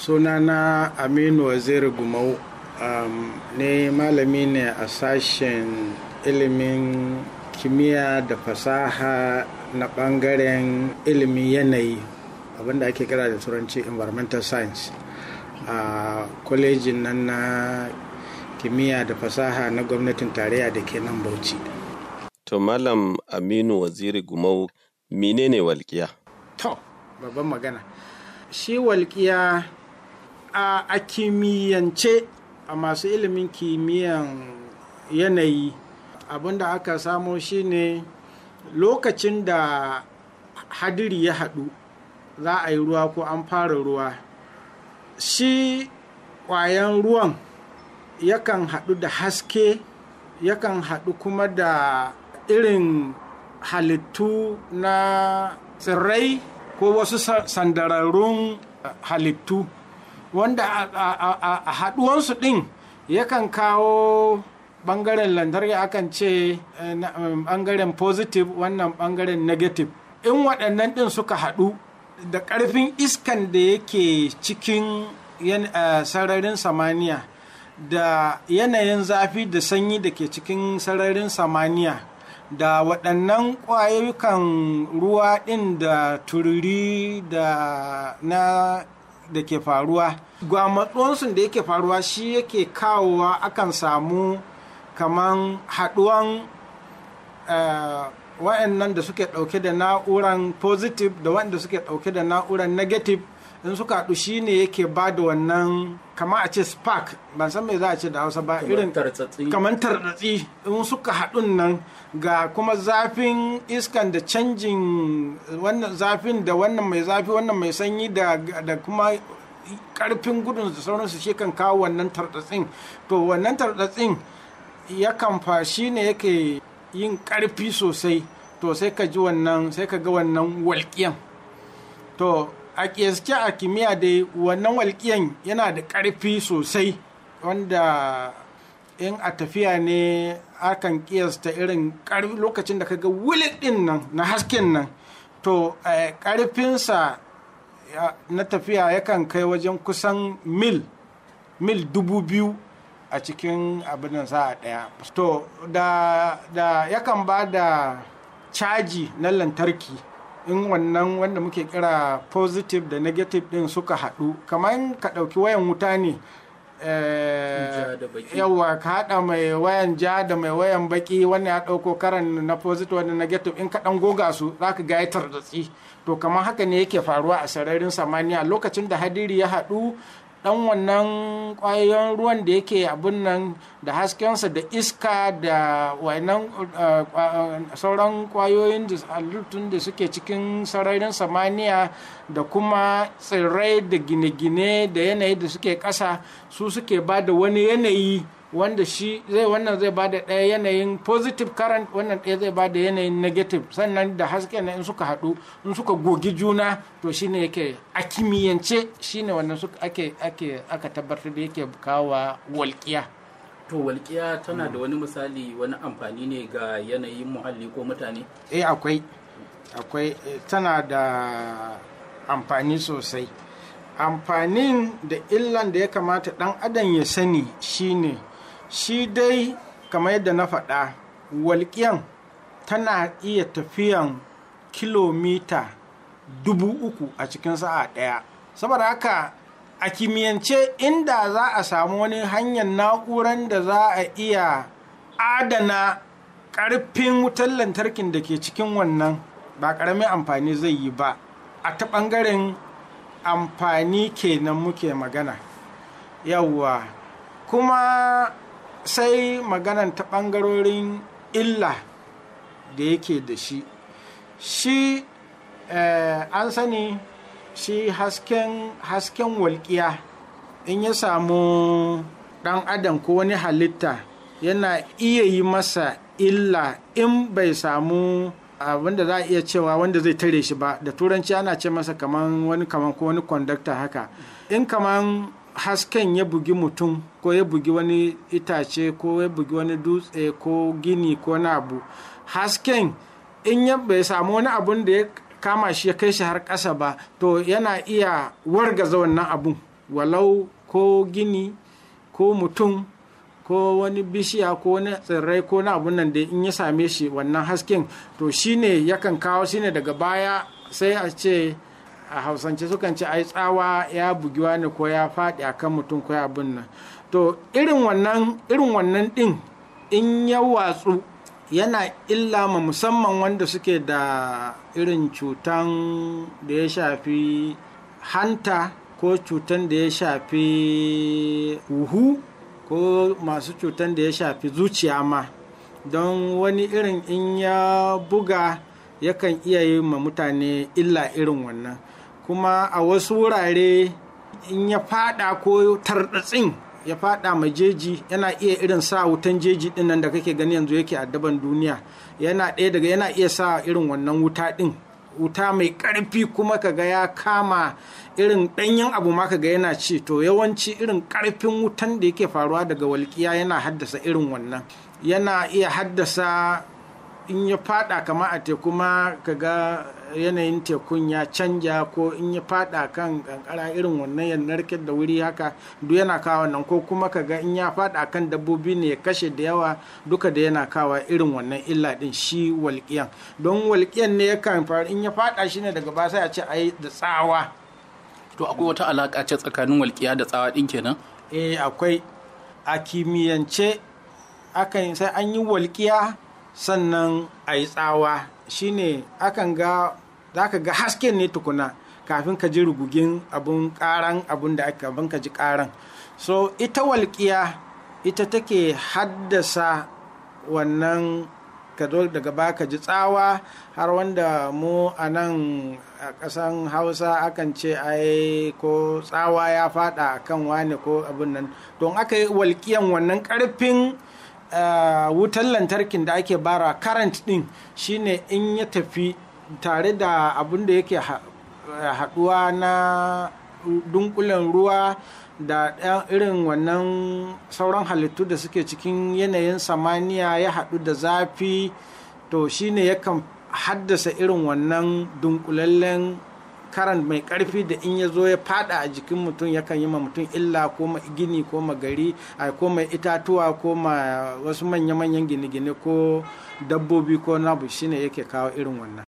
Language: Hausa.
sunana aminu waziri gumau um, ne malami ne a sashen ilimin kimiyya da fasaha na bangaren ilimin yanayi abinda ake kira da turanci environmental science a kwalejin nan na kimiyya da fasaha na gwamnatin tarayya da ke nan bauchi to malam aminu waziri gumau menene walƙiya to babban magana shi walkiya a a kimiyyance a masu ilimin kimiyyan yanayi abinda aka samo shine lokacin da hadiri ya haɗu za a yi ruwa ko an fara ruwa shi ƙwayan ruwan yakan haɗu da haske yakan haɗu kuma da irin halittu na tsirrai ko wasu sandararrun halittu wanda a haɗuwansu ɗin yakan kawo ɓangaren lantarki akan ce eh, um, ɓangaren positive wannan ɓangaren negative in waɗannan ɗin suka haɗu da ƙarfin iskan da yake cikin eh, sararin samaniya da yanayin zafi da sanyi da ke cikin sararin samaniya da waɗannan ƙwayukan ruwa ɗin da tururi da na da ke faruwa gwamatsonsun da yake faruwa shi yake kawowa akan samu kaman haɗuwan eh, wa'annan da suke ɗauke da na'uran positive da wanda suke ɗauke da na'uran negative in suka haɗu shi ne yake ba da wannan kama a ce spark ban san me za a ce da hausa ba irin kamar tartsatsi in suka haɗun nan ga kuma zafin iskan da canjin wannan zafin da wannan mai zafi wannan mai sanyi da kuma karfin gudun da sauransu shi kan kawo wannan tarzatsin to wannan ya kamfa shi ne yake yin karfi sosai to sai ka ji wannan sai ka ga wannan walƙiyan to a ƙiyasce a kimiyya dai wannan walƙiyan yana da ƙarfi sosai wanda in a tafiya ne akan ƙiyasta irin lokacin da kaga ga ɗin nan na hasken nan to eh, ƙarfinsa na tafiya yakan kai wajen kusan mil mil dubu biyu a cikin abin sa'a ɗaya to da yakan ba da caji na lantarki in wannan wanda muke kira positive da negative din suka haɗu kamar ka ɗauki wayan wuta ne eh, yawa ka haɗa mai wayan ja da mai wayan baki wannan ya ɗauko karan na positive wanda negative in ka ɗan goga su za ka gayatar da tsi to kamar haka ne yake faruwa a sararin samaniya lokacin da hadiri ya haɗu ɗan wannan kwayoyin ruwan da yake abin nan da haskensa da iska da wannan eh, eh, sauran kwayoyin halittun da suke cikin sararin samaniya da kuma tsirrai da gine-gine da yanayi da suke ƙasa su suke ba da wani yanayi wanda shi zai wannan zai ba da ɗaya yanayin positive current wannan ɗaya zai ba da yanayin negative sannan da haske na in suka haɗu in suka gogi juna to shine yake a kimiyyance shine wannan suka ake ake aka tabbatar da yake kawa walƙiya to walƙiya tana da wani misali wani amfani ne ga yanayin muhalli ko mutane eh akwai akwai eh, tana da amfani sosai amfanin da illan da ya kamata ɗan adam ya sani shine shi dai kamar yadda na faɗa walƙiyan tana iya tafiyan kilomita dubu uku a cikin sa'a ɗaya saboda haka a kimiyyance inda za a samu wani hanyar na'uran da za a iya adana ƙarfin wutar lantarkin da ke cikin wannan ba ƙaramin amfani zai yi ba a ta ɓangaren amfani kenan muke magana yawwa kuma sai maganan ta ɓangarorin illa da yake da shi shi eh, an sani shi hasken hasken walƙiya in ya samu ɗan adam ko wani halitta yana iya yi masa illa in bai samu abinda za a iya cewa wanda zai tare shi ba da turanci ana ce masa kaman wani kaman ko wani kwandakta haka in kaman hasken ya bugi mutum ko ya bugi wani itace ko ya bugi wani dutse ko gini ko na abu hasken in ya bai samu wani abun da ya kama shi ya kai shi har kasa ba to yana iya wargaza wannan abun walau ko gini ko mutum ko wani bishiya ko wani tsirrai ko na abun nan da in ya same shi wannan hasken to shine yakan kawo shine daga baya sai a ce a hausance sukan ce ai tsawa ya bugi wani ko ya faɗi a kan mutum ko ya abin to irin wannan irin wannan ɗin in ya watsu yana illa ma musamman wanda suke da irin cutan da ya shafi hanta ko cutan da ya shafi huhu ko masu cutan da ya shafi zuciya ma don wani irin in ya buga yakan iya yi ma mutane illa irin wannan kuma a wasu wurare in ya fada ko tardatsin ya fada ma jeji yana iya irin sa wutan jeji din da kake gani yanzu yake addaban duniya yana ɗaya daga yana iya sa irin wannan wuta din wuta mai ƙarfi kuma kaga ya kama irin ɗanyen abu ma kaga yana ci to yawanci irin karfin wutan da yake faruwa daga walƙiya yana haddasa irin wannan yana iya haddasa in ya fada kama a teku ma kaga yanayin tekun ya canja ko in ya fada kan kankara irin wannan ya narkar da wuri haka duk yana kawo nan ko kuma ka ga in ya fada kan dabbobi ne ya kashe da yawa duka da yana kawo irin wannan illa din shi walƙiyan don walƙiyan ne ya kan faru in ya fada shi ne daga baya sai a ce ai da tsawa to akwai wata alaka ce tsakanin walƙiya da tsawa din kenan eh akwai a kimiyyance akan sai an yi walƙiya sannan a yi tsawa shine akan ga za ka ga hasken ne tukuna kafin ka ji rugugin abun karan abun da aka ka ji karan so ita walƙiya ita take haddasa wannan ka zo daga baka ji tsawa har wanda mu a nan a ƙasan hausa akan ce ai ko tsawa ya fada akan kan wane ko abin nan don aka yi walƙiyan wannan ƙarfin Eh, wutar lantarkin da ake bara current din shine in ya tafi tare da abin da yake eh, haduwa na dunkulen ruwa da irin wannan sauran halittu da suke cikin yanayin samaniya ya hadu da zafi to shine yakan haddasa irin wannan dunkulallen karan mai karfi da in ya zo ya fada a jikin mutum yakan yi ma mutum illa ko ma gini ko ma gari ko ma itatuwa ko ma wasu manya-manyan gine-gine ko dabbobi ko nabu shine yake kawo irin wannan